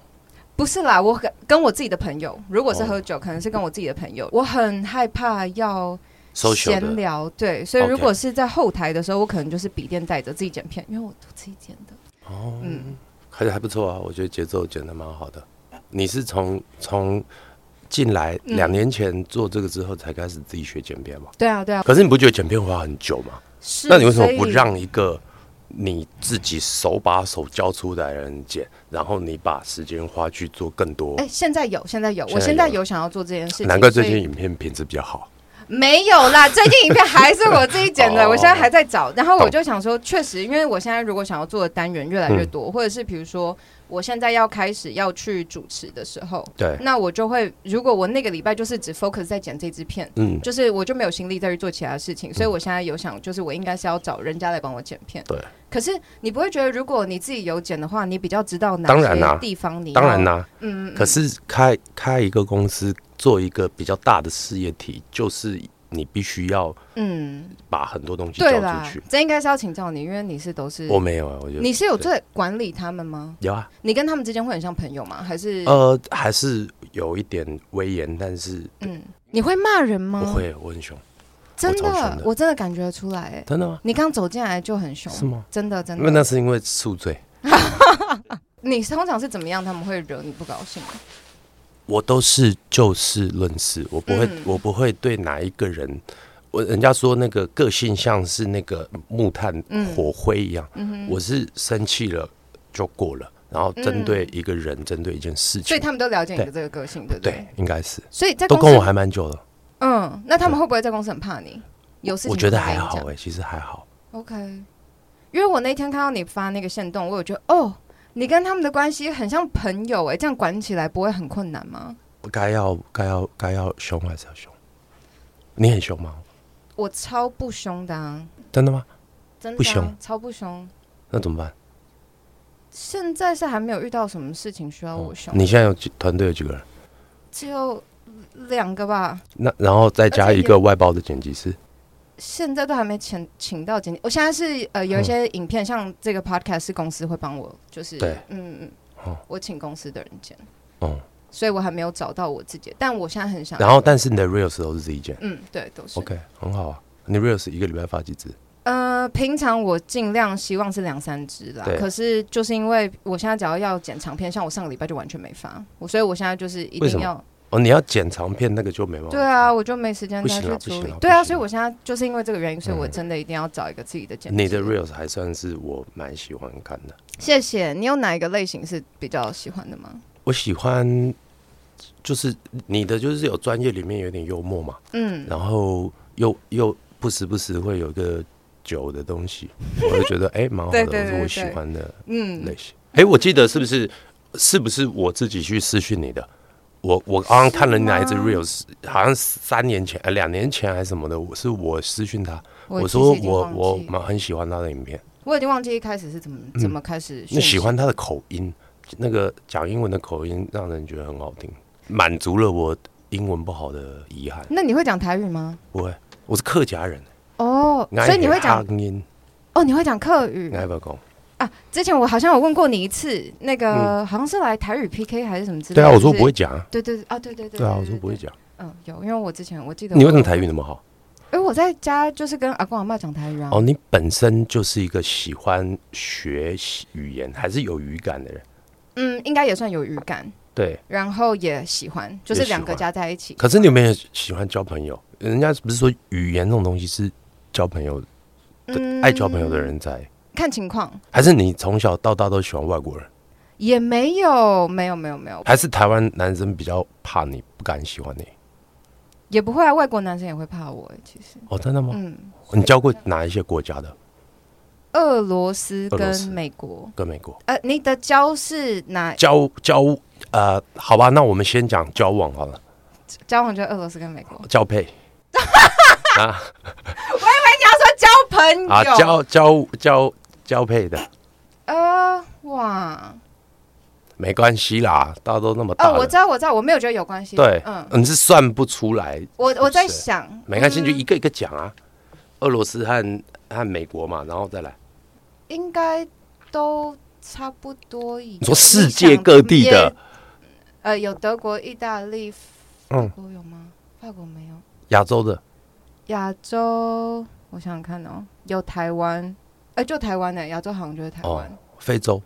不是啦，我很跟我自己的朋友，如果是喝酒、哦，可能是跟我自己的朋友，我很害怕要閒聊，對，所以如果是在後台的時候，我可能就是筆電帶着自己剪片，因為我都自己剪的，哦，嗯，還是還不錯啊，我覺得節奏剪得蠻好的，你是從從。進來、嗯、兩年前做這個之後，才開始自己學剪片嘛。對啊，對啊。可是你不覺得剪片花很久嗎？是。那你為什麼不讓一個你自己手把手教出來人剪，然後你把時間花去做更多？哎、欸，現在有，現在有，我現在有想要做這件事情。難怪最近影片品質比較好。沒有啦，最近影片還是我自己剪的。 我現在還在找。然後我就想說，確實，因為我現在如果想要做的單元越來越多，嗯、或者是比如說。我現在要開始要去主持的時候，對，那我就會，如果我那個禮拜就是只 focus 在剪這支片，嗯，就是我就沒有心力再去做其他事情、嗯，所以我現在有想就是我應該是要找人家來幫我剪片，對。可是你不會覺得如果你自己有剪的話，你比較知道哪些、啊、地方，你當然啦、啊，嗯，可是開開一個公司做一個比較大的事業體就是。你必須要嗯，把很多東西交出去、嗯，這應該是要請教你，因為你是都是我沒有啊，我覺得你是有在管理他們嗎？有啊，你跟他們之間會很像朋友嗎？還是呃，還是有一點威嚴，但是嗯，你會罵人嗎？不會，我很凶，真的，我，的我真的感覺出來，欸，真的嗎？你剛走進來就很凶，是嗎？真的，真的，因為那是因為宿醉。 嗯、 你通常是怎麼樣？他們會惹你不高興嗎？我都是就事論事，我不會、嗯，我不會對哪一個人，我人家說那個個性像是那個木炭火灰一樣，嗯嗯、我是生氣了就過了，然後針對一個人，針、嗯、對一件事情，所以他們都了解你的這個個性，對不對，對對應該是。所以在都跟我還蠻久的，嗯，那他們會不會在公司很怕你？有事情我覺得還好、欸，哎，其實還好。OK，因為我那天看到你發那個限動，我有覺得哦。你跟他們的關係很像朋友哎、欸，這樣管起來不會很困難嗎？該要該要該要凶還是要凶？你很凶嗎？我超不凶的、啊。真的嗎？真的、啊。嗎？不凶。超不凶。那怎麼辦？現在是還沒有遇到什麼事情需要我凶、哦。你現在有幾、團隊有幾個人？只有兩個吧。那然後再加一個外包的剪輯師。現在都還沒請請到剪輯，我現在是呃有一些影片，嗯，像這個 podcast 公司會幫我，就是對，嗯嗯，我請公司的人剪，嗯，所以我還沒有找到我自己，但我現在很想。然後，但是你的 reels 都是自己剪，嗯，對，都是 OK，很好啊。你 reels 一個禮拜發幾支？呃，平常我儘量希望是兩三支啦。可是就是因為我現在只要要剪長片，像我上個禮拜就完全沒發，我所以我現在就是一定要。哦，你要剪長片那個就沒辦法。對啊，我就沒時間再去做。對啊，所以我現在就是因為這個原因，所以我真的一定要找一個自己的剪輯。嗯。你的 reels 還算是我蠻喜歡看的。謝謝你，有哪一個類型是比較喜歡的嗎？我喜歡，就是你的，就是有專業裡面有點幽默嘛。嗯。然後又又不時不時會有一個酒的東西， 我就覺得哎，蠻、欸、好的，對對對對我，我喜歡的。嗯。類型。哎，我記得是不是？是不是我自己去私訊你的？我我剛剛看了你那一支 reels，好像三年前，呃、兩年前還是什麼的，我是我私訊他我，我說我我蠻很喜歡他的影片，我已經忘記一開始是怎麼、嗯、怎麼開始。你喜歡他的口音，那個講英文的口音讓人覺得很好聽，滿足了我英文不好的遺憾。那你會講台語嗎？不會，我是客家人。哦、oh，所以你會講哦，你會講客語？never 啊，之前我好像有問過你一次，那個、嗯、好像是來台語 PK 還是什麼之類的。對啊，我說我不會講啊，啊。對對對啊，對對對。對啊，我說我不會講。嗯，有，因為我之前我記得我。你為什麼台語那麼好？因為我在家就是跟阿公阿嬤講台語啊。哦，你本身就是一個喜歡學習語言，還是有語感的人。嗯，應該也算有語感。對，然後也喜歡，就是兩個加在一起、嗯。可是你有沒有喜歡交朋友？人家不是說語言這種東西是交朋友的，的、嗯，愛交朋友的人在。嗯看情況，還是你從小到大都喜歡外國人？也沒有，沒有，沒有，沒有。還是台灣男生比較怕你，不敢喜歡你？也不會啊，外國男生也會怕我哎、欸，其實。哦，真的嗎？嗯。你交過哪一些國家的？俄羅斯跟美國，跟美國。呃，你的交是哪交交？呃，好吧，那我們先講交往好了。交往就俄羅斯跟美國交配。 啊！ 我以為你要說交朋友啊，交交交。交交交配的，呃，哇，沒關係啦，大家都那麼大、哦。我知道，我知道，我沒有覺得有關係。對，嗯、呃，你是算不出來不。我我在想，沒關係、嗯，就一個一個講啊。俄羅斯和和美國嘛，然後再來，應該都差不多。你說世界各地的，呃，有德國、意大利、嗯，都有嗎、嗯？法國沒有。亞洲的，亞洲，我想想看哦、喔，有台灣。哎、欸，就台灣呢、欸，亞洲好像就是台灣、哦。非洲，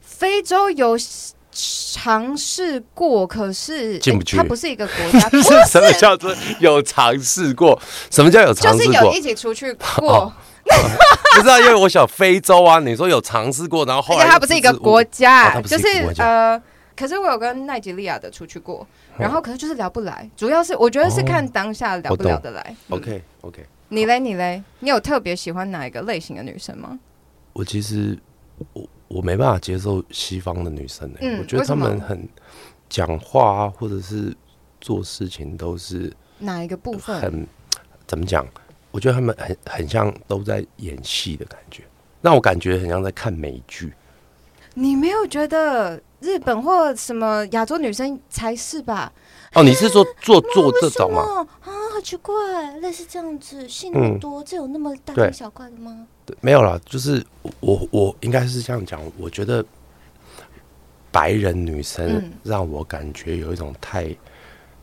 非洲有嘗試過，可是進不去。它、欸、不是一個國家。 不是。什麼叫做有嘗試過？什麼叫有嘗試過？就是有一起出去過。不知道，嗯、 因為我想非洲啊，你說有嘗試過，然後後來它不是一個國家，就是、嗯、呃，可是我有跟奈及利亞的出去過、哦，然後可是就是聊不來，主要是我覺得是看當下聊不聊得來。OK，OK、哦。你嘞，你嘞，你有特別喜歡哪一個類型的女生嗎？我其實我我沒辦法接受西方的女生呢、欸嗯。我覺得她們很講話或者是做事情都是哪一個部分？很怎麼講？我覺得他們很很像都在演戲的感覺，讓我感覺很像在看美劇。你沒有覺得日本或什麼亞洲女生才是吧？哦，你是說做做這種嗎？啊、嗯，好奇怪，類似這樣子，性多，這有那麼大驚小怪的嗎？沒有啦，就是我我應該是這樣講，我覺得白人女生讓我感覺有一種太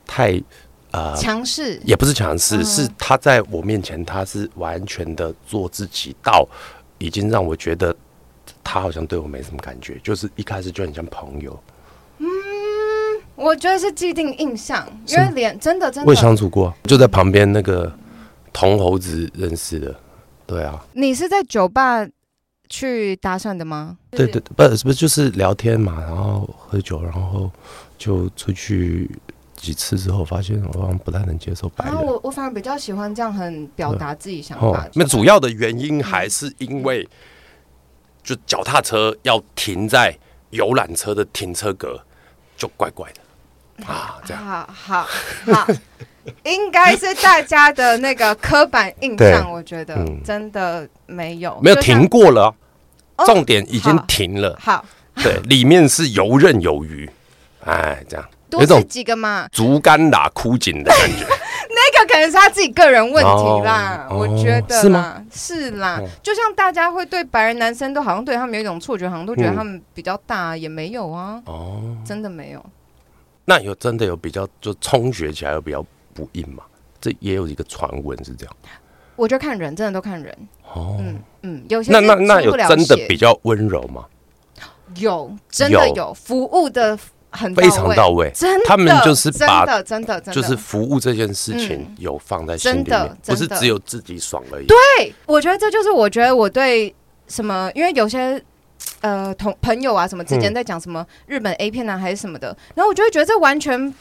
太，呃，強勢，也不是強勢，是她在我面前，她是完全的做自己，到已經讓我覺得她好像對我沒什麼感覺，就是一開始就很像朋友。我覺得是既定印象，因為連真的真的。我也相處過，就在旁邊那個銅猴子認識的，對啊。你是在酒吧去搭訕的嗎？對對，對，就是，不是，是不是就是聊天嘛，然後喝酒，然後就出去幾次之後，發現我好像不太能接受白人。然後我我反而比較喜歡這樣很表達自己想法。那、哦、主要的原因還是因為，就腳踏車要停在遊覽車的停車格，就怪怪的。啊，好好好，好好好 應該是大家的那個刻板印象，我覺得、嗯、真的沒有，沒有停過了、哦，重點已經停了。好，好對， 裡面是游刃有餘。哎，這樣多吃幾個嘛，竹竿打枯井的感覺。 那個可能是他自己個人問題啦，哦、我覺得啦、哦、是嗎？是啦、哦，就像大家會對白人男生都好像對他們有一種錯覺，好像都覺得他們比較大，嗯、也沒有啊，哦，真的沒有。那有真的有比較就充血起來，又比較不硬嘛？這也有一個傳聞是這樣。我覺得看人，真的都看人。哦嗯，嗯嗯，有些那那那有真的比較溫柔嗎？有真的有，有服務的很非常到位，真的，他們就是把的真的，真的，真的就是服務這件事情有放在心裡面，不是只有自己爽而已。對，我覺得這就是我覺得我對什麼，因為有些。呃，同朋友啊什麼之間在講什麼日本 A 片啊、嗯、還是什麼的，然後我就會覺得這完全、嗯、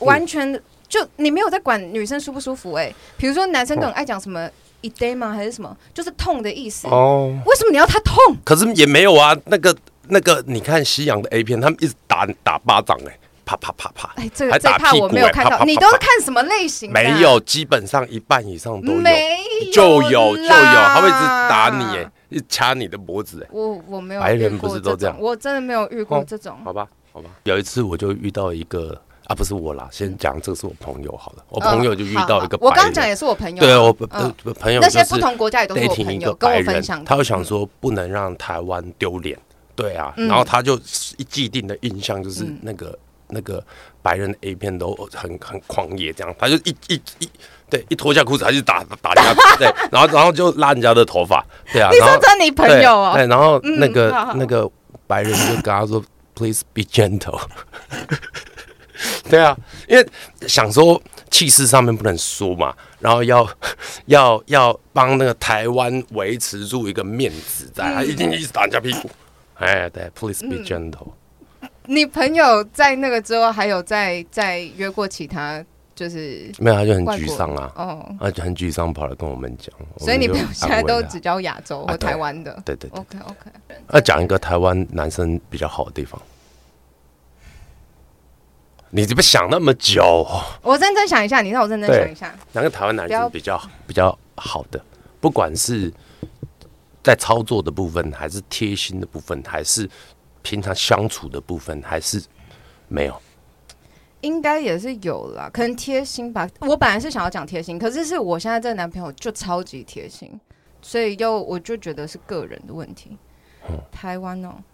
完全就你沒有在管女生舒不舒服哎、欸。比如說男生都很愛講什麼一 d e m 還是什麼，就是痛的意思。哦，為什麼你要他痛？可是也沒有啊，那個那個，你看西洋的 A 片，他們一直打打巴掌哎、欸，啪啪啪啪，哎、欸，這個還打屁股、欸、這我沒有看到，啪啪啪啪，你都是看什麼類型？沒有，基本上一半以上都有，沒有就有就有，他會一直打你哎、欸。一掐你的脖子、欸，哎，我我沒有，白人不是都這樣？我真的沒有遇過這種。哦、好吧，好吧，有一次我就遇到一個啊，不是我啦，先講這個是我朋友好了，我朋友就遇到一個、呃好好，我剛講也是我朋友、啊，對啊，我不不、呃呃、朋友那些不同國家也都是我朋友，跟我們分享的。他就想說不能讓台灣丟臉，對啊、嗯，然後他就一既定的印象就是那個、嗯、那個。白人 A 片都很很狂野，這樣他就一一一，對，一脫下褲子他就打打人家， 對，然後然後就拉人家的頭髮，對啊，你說這你朋友啊、喔？對，然後那個、嗯、好好那個白人就跟他說 ：“Please be gentle。 ”對啊，因為想說氣勢上面不能輸嘛，然後要要要幫那個台灣維持住一個面子在，嗯、他一定一直打人家屁股，哎， 對，對，Please be gentle。嗯你朋友在那個之後，還有再再約過其他，就是沒有，他就很沮喪啊，哦，他就很沮喪，跑來跟我們講。所以你朋友現在都只交亞洲和台灣的，啊、對對，對，對，OK OK、啊。那講一個台灣男生比較好的地方，你怎麼想那麼久？我認真想一下，你讓我認真想一下。兩個台灣男生比較比較好的？不管是，在操作的部分，還是貼心的部分，還是。平常相處的部分還是沒有，應該也是有啦。可能貼心吧。我本來是想要講貼心，可是是我現在這個男朋友就超級貼心，所以又我就覺得是個人的問題。嗯、台灣哦、喔，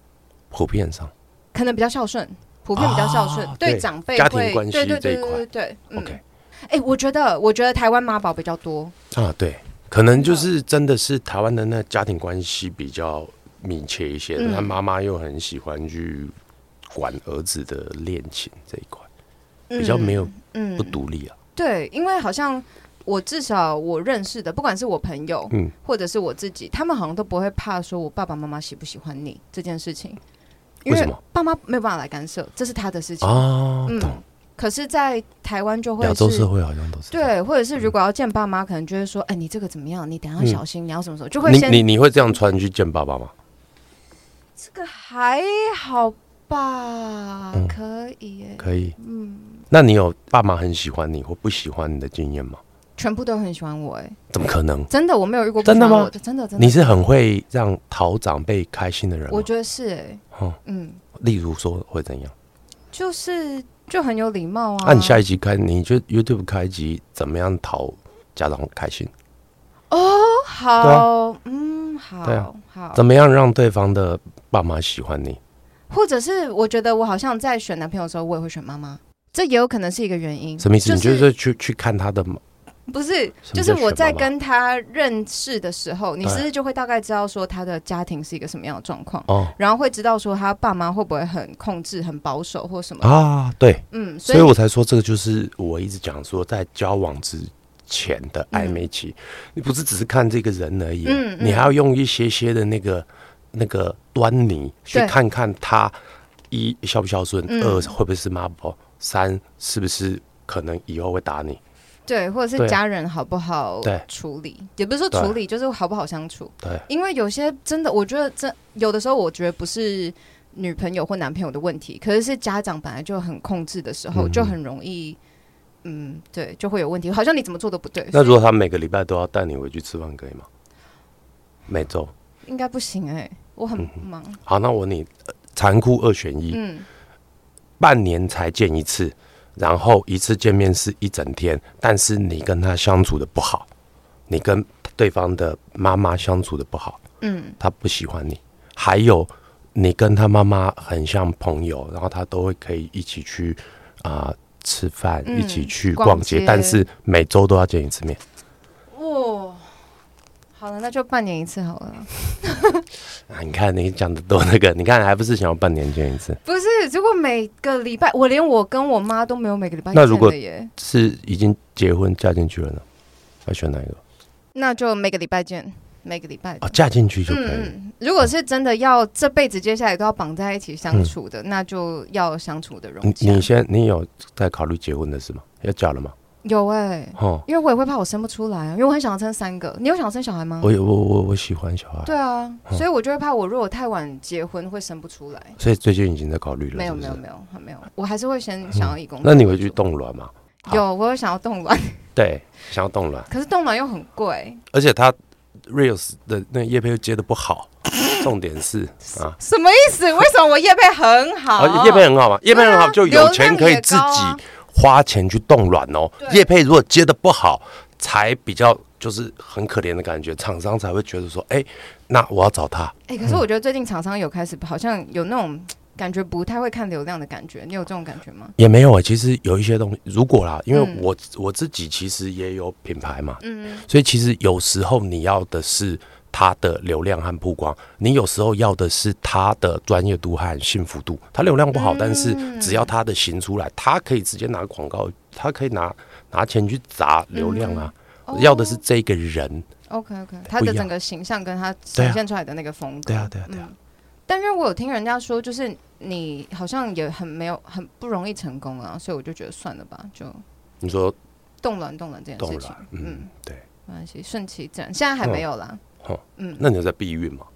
普遍上可能比較孝順，普遍比較孝順、啊，對長輩、家庭關係這一塊，對，OK。哎、嗯欸，我覺得，我覺得台灣媽寶比較多啊。對，可能就是真的是台灣的那家庭關係比較。密切一些，他媽媽又很喜歡去管兒子的戀情這一塊、嗯，比較沒有、啊，嗯，不獨立啊。對，因為好像我至少我認識的，不管是我朋友，嗯，或者是我自己，他們好像都不會怕說，我爸爸媽媽喜不喜歡你這件事情，為什麼爸媽沒有辦法來干涉，這是他的事情哦、啊嗯啊，可是在台灣就會亞洲社會好像都是對，或者是如果要見爸媽，可能就會說，哎，你這個怎麼樣？你等下小心、嗯，你要什麼時候就會先你你，你會這樣穿去見爸爸嗎？這個還好吧，嗯、可以、欸、可以。嗯，那你有爸媽很喜歡你或不喜歡你的經驗嗎？全部都很喜歡我。欸、怎麼可能？真的，我沒有遇過。真的嗎？真的，真的。你是很會讓討長輩開心的人嗎？我覺得是、欸、嗯，嗯，例如說會怎樣？就是就很有禮貌啊。那、啊、你下一集開，你覺得 YouTube 開集怎麼樣討家長開心？哦，好，啊、嗯，好、啊嗯好啊，好，怎麼樣讓對方的？爸媽喜歡你，或者是我覺得我好像在選男朋友的時候，我也會選媽媽，這也有可能是一個原因。什麼意思？就是、你就是去去看他的不是，就是的，就是我在跟他認識的時候，你是不是就會大概知道說他的家庭是一個什麼樣的狀況，哦，然後會知道說他爸媽會不會很控制、很保守或什麼啊？對，嗯，所，所以我才說這個就是我一直講說在交往之前的曖昧期、嗯，你不是只是看這個人而已，嗯，嗯，你還要用一些些的那個。那個端倪去看看他一孝不孝順，二會不會是媽寶、嗯，三是不是可能以後會打你？對，或者是家人好不好處理？對也不是說處理，就是好不好相處？對，因為有些真的，我覺得真有的時候，我覺得不是女朋友或男朋友的問題，可是是家長本來就很控制的時候，嗯、就很容易，嗯，對，就會有問題。好像你怎麼做都不對？那如果他每個禮拜都要帶你回去吃飯，可以嗎？每周。應該不行哎，欸，我很忙，嗯。好，那我你，呃，殘酷二選一。嗯，半年才見一次，然後一次見面是一整天，但是你跟他相處的不好，你跟對方的媽媽相處的不好。嗯，他不喜歡你。還有，你跟他媽媽很像朋友，然後他都會可以一起去啊，呃，吃飯，嗯，一起去逛街，逛街，但是每週都要見一次面。好了，那就半年一次好了。 啊，你看你講的多那個，你看還不是想要半年見一次？不是，如果每個禮拜，我連我跟我媽都沒有每個禮拜見。那如果是已經結婚嫁進去了呢？要選哪一個？那就每個禮拜見，每個禮拜。哦，嫁進去就可以了、嗯。如果是真的要這輩子接下來都要綁在一起相處的、嗯，那就要相處的容。你先，你有在考慮結婚的事嗎？要嫁了嗎？有哎、欸，哦、嗯，因為我也會怕我生不出來啊，因為我很想要生三個。你有想要生小孩嗎？我有，我我我喜歡小孩。對啊、嗯，所以我就會怕我如果太晚結婚會生不出來。就是、所以最近已經在考慮了是不是？沒有沒有沒有，還沒有，我還是會先想要一公、嗯。那你會去凍卵嗎？有，我會想要凍卵。對，想要凍卵， 可是凍卵又很貴，而且他 Rios 的那個業配又接得不好。 重點是啊，什麼意思？為什麼我業配很好？業 配、哦、很好嗎？業配很好、啊、就有錢可以自己、啊。花錢去凍卵哦，業配如果接得不好，才比較就是很可憐的感覺，廠商才會覺得說，哎、欸，那我要找他。哎、欸，可是我覺得最近廠商有開始好像有那種感覺不太會看流量的感覺，你有這種感覺嗎？也沒有其實有一些東西，如果啦，因為我、嗯、我自己其實也有品牌嘛，嗯，所以其實有時候你要的是。他的流量和曝光，你有時候要的是他的專業度和信服度。他流量不好、嗯，但是只要他的行出來，他可以直接拿廣告，他可以拿拿錢去砸流量啊、嗯哦。要的是這個人。OK OK，他的整個形象跟他呈現出來的那個風格。對啊對啊，對啊，對，啊、嗯、對啊。但是，我有聽人家說，就是你好像也很沒有很不容易成功了啊，所以我就覺得算了吧。就你說，動亂動亂這件事情嗯。嗯，對，沒關係，順其自然。現在還沒有啦。嗯嗯、哦，那你有在避孕嗎、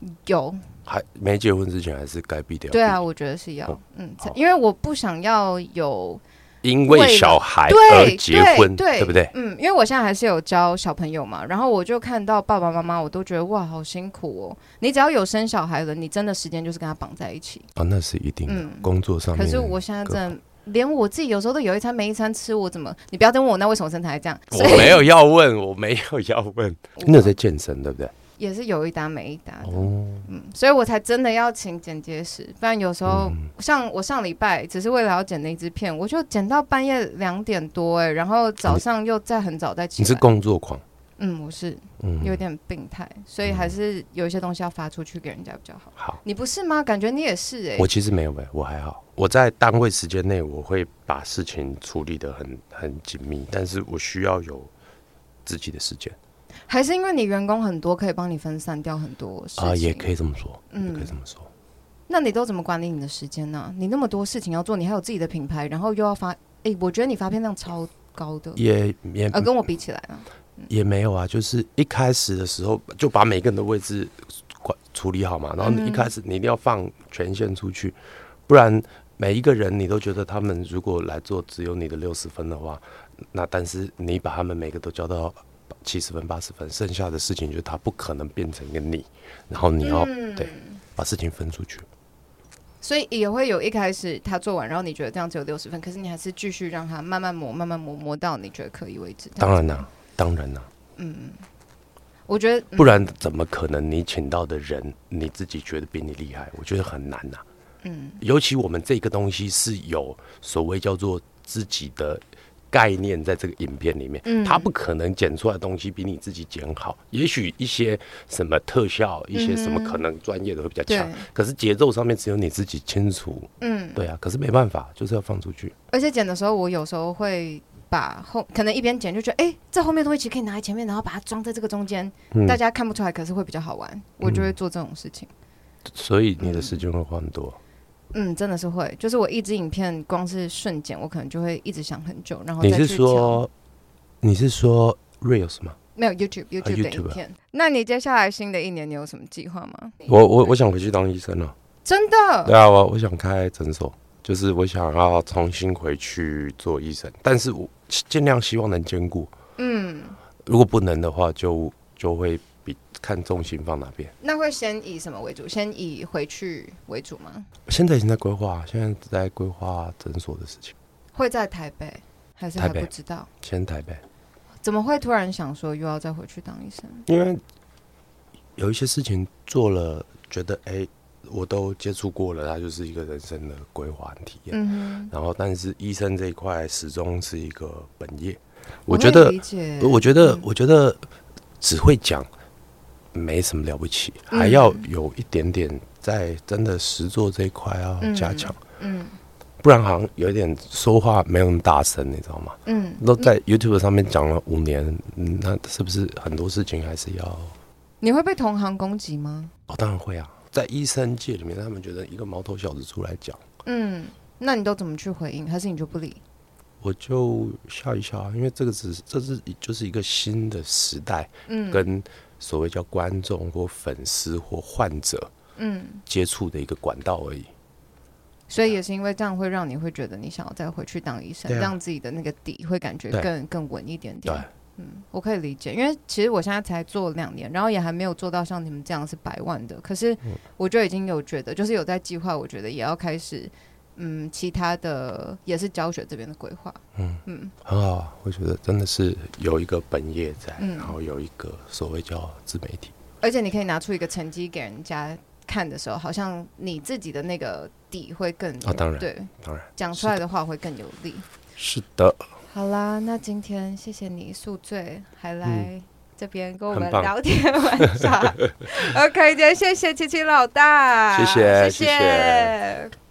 嗯？有，還沒結婚之前還是該避掉避孕。對啊，我覺得是要，嗯，因為我不想要有為因為小孩而結婚對對對，對不對？嗯，因為我現在還是有教小朋友嘛，然後我就看到爸爸媽媽，我都覺得哇，好辛苦哦。你只要有生小孩了，你真的時間就是跟他綁在一起啊，那是一定嗯，工作上面、嗯。可是我現在在。連我自己有時候都有一餐沒一餐吃我，我怎麼？你不要再問我那為什麼身材還這樣？我沒有要問，我沒有要問，你在健身對不對？也是有一搭沒一搭的、哦，嗯，所以我才真的要請剪接師，不然有時候、嗯、像我上禮拜只是為了要剪那支片，我就剪到半夜兩點多、欸，哎，然後早上又再很早再剪、啊。你是工作狂。嗯，不是，嗯，有點病態、嗯，所以還是有一些東西要發出去給人家比較好。好、嗯，你不是嗎？感覺你也是哎、欸。我其實沒有唄、欸，我還好。我在單位時間內，我會把事情處理得很很緊密，但是我需要有自己的時間。還是因為你員工很多，可以幫你分散掉很多。啊、呃，也可以這麼說，嗯，可以這麼說。那你都怎麼管理你的時間呢、啊？你那麼多事情要做，你還有自己的品牌，然後又要發，哎、欸，我覺得你發片量超高的，也也、啊、跟我比起來啊。也沒有啊，就是一開始的時候就把每個人的位置管處理好嘛，然後你一開始你一定要放權限出去，不然每一個人你都覺得他們如果來做只有你的六十分的話，那但是你把他們每個都交到七十分、八十分，剩下的事情就是他不可能變成一個你，然後你要，嗯，對，把事情分出去。所以也會有一開始他做完，然後你覺得這樣只有六十分，可是你還是繼續讓他慢慢磨，慢慢磨磨到你覺得可以為止。當然啦、啊。當然啦，嗯，我覺得不然怎麼可能你請到的人你自己覺得比你厲害？我覺得很難吶。嗯，尤其我們這個東西是有所謂叫做自己的概念，在這個影片裡面，他不可能剪出來的東西比你自己剪好。也許一些什麼特效，一些什麼可能專業的會比較強，可是節奏上面只有你自己清楚。嗯，對啊，可是沒辦法，就是要放出去。而且剪的時候，我有時候會。把後可能一邊剪就覺得，哎、欸，這後面東西其實可以拿在前面，然後把它裝在這個中間、嗯，大家看不出來，可是會比較好玩。我就會做這種事情，嗯、所以你的時間會花很多嗯。嗯，真的是會，就是我一支影片光是順剪我可能就會一直想很久。然後你是說，你是說 reels 嗎？沒有 YouTube，YouTube YouTube 的影片。那你接下來新的一年你有什麼計劃嗎？我我我想回去當醫生了，真的。對啊，我我想開診所，就是我想要重新回去做醫生，但是我。盡量希望能兼顧，嗯，如果不能的話，就，就就會比看重心放哪邊。那會先以什麼為主？先以回去為主嗎？現在已經在規劃，現在在規劃診所的事情，會在台北還是還不知道？先台，台北。怎麼會突然想說又要再回去當醫生？因為有一些事情做了，覺得哎，欸我都接觸過了，它就是一個人生的規劃和體驗，嗯。然後，但是醫生這一塊始終是一個本業。我覺得，我理解。我覺得，嗯、我覺得只會講沒什麼了不起，嗯，還要有一點點在真的實作這一塊要加強，嗯。嗯。不然好像有一點說話沒有那麼大聲，你知道嗎？嗯。那在 YouTube 上面講了五年，嗯，那是不是很多事情還是要？你會被同行攻擊嗎？哦，當然會啊。在醫生界裡面，他們覺得一個毛頭小子出來講，嗯，那你都怎麼去回應？還是你就不理？我就笑一笑啊，因為這個只是這是就是一個新的時代，嗯，跟所謂叫觀眾或粉絲或患者，嗯，接觸的一個管道而已，嗯。所以也是因為這樣，會讓你會覺得你想要再回去當醫生，啊，讓自己的那個底會感覺更更穩一點點。對。嗯，我可以理解，因為其實我現在才做兩年，然後也還沒有做到像你們這樣是百萬的。可是，我就已經有覺得，嗯、就是有在計劃，我覺得也要開始，嗯，其他的也是教學這邊的規劃。嗯嗯，很好，我覺得真的是有一個本業在，嗯、然後有一個所謂叫自媒體，而且你可以拿出一個成績給人家看的時候，好像你自己的那個底會更啊，當然對，當然講出來的話會更有力。是的。是的。好啦，那今天謝謝你宿醉還來這邊跟我們聊天玩耍，嗯、 ，OK 今天謝謝七七老大，謝謝謝謝。謝謝。